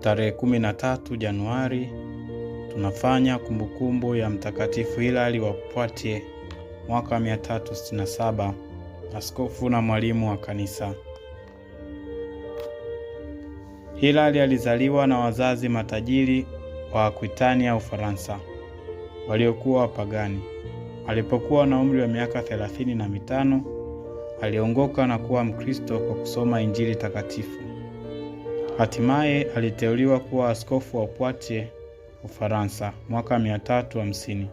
Tarehe 13 Januari tunafanya kumbukumbu ya Mtakatifu Hilali wa Poitiers mwaka 367, askofu na mwalimu wa kanisa. Hilali alizaliwa na wazazi matajiri wa Akwitania, Ufaransa, waliokuwa wapagani. Alipokuwa na umri wa miaka 35, aliongoka na kuwa Mkristo kwa kusoma Injili takatifu. Hatimaye aliteuliwa kuwa askofu wa Poitiers, Ufaransa, mwaka 350.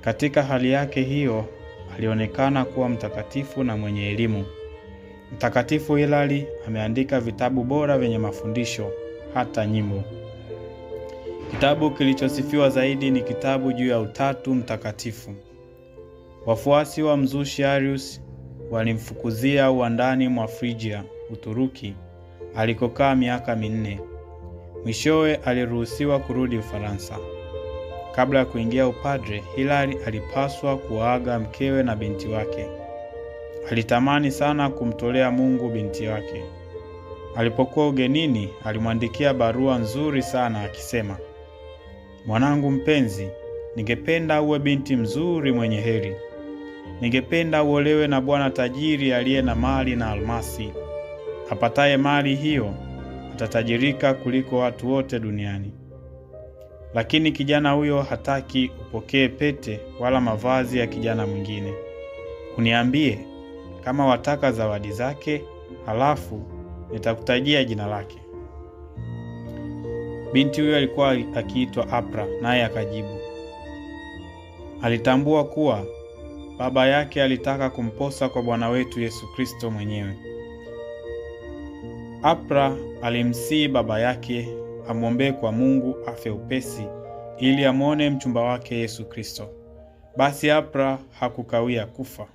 Katika hali yake hiyo alionekana kuwa mtakatifu na mwenye elimu. Mtakatifu hilali ameandika vitabu bora vyenye mafundisho, hata nyimbo. Kitabu kilichosifiwa zaidi ni kitabu juu ya Utatu Mtakatifu. Wafuasi wa Mzushi Arius walimfukuzia uandani mwa Frigia, Uturuki, alikokaa miaka minne. Mwishowe aliruhusiwa kurudi Ufaransa. Kabla ya kuingia upadre, Hilari alipaswa kuwaaga mkewe na binti wake. Alitamani sana kumtolea Mungu binti wake. Alipokuwa ugenini, alimwandikia barua nzuri sana akisema, mwanangu mpenzi, ningependa uwe binti mzuri mwenye heri. Ningependa uolewe na bwana tajiri aliye na mali na almasi. Apataye mali hiyo atatajirika kuliko watu wote duniani. Lakini kijana huyo hataki upokee pete wala mavazi ya kijana mwingine. Uniambie kama wataka zawadi zake, halafu nitakutajia jina lake. Binti huyo alikuwa akiitwa Apra, naye akajibu. Alitambua kuwa baba yake alitaka kumposa kwa Bwana wetu Yesu Kristo mwenyewe. Apra alimsii baba yake amwombee kwa Mungu afe upesi ili amwone mchumba wake Yesu Kristo. Basi Apra hakukawia kufa.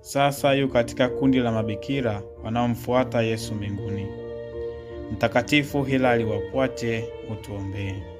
Sasa yu katika kundi la mabikira wanaomfuata Yesu mbinguni. Mtakatifu Hilali wa utuombee.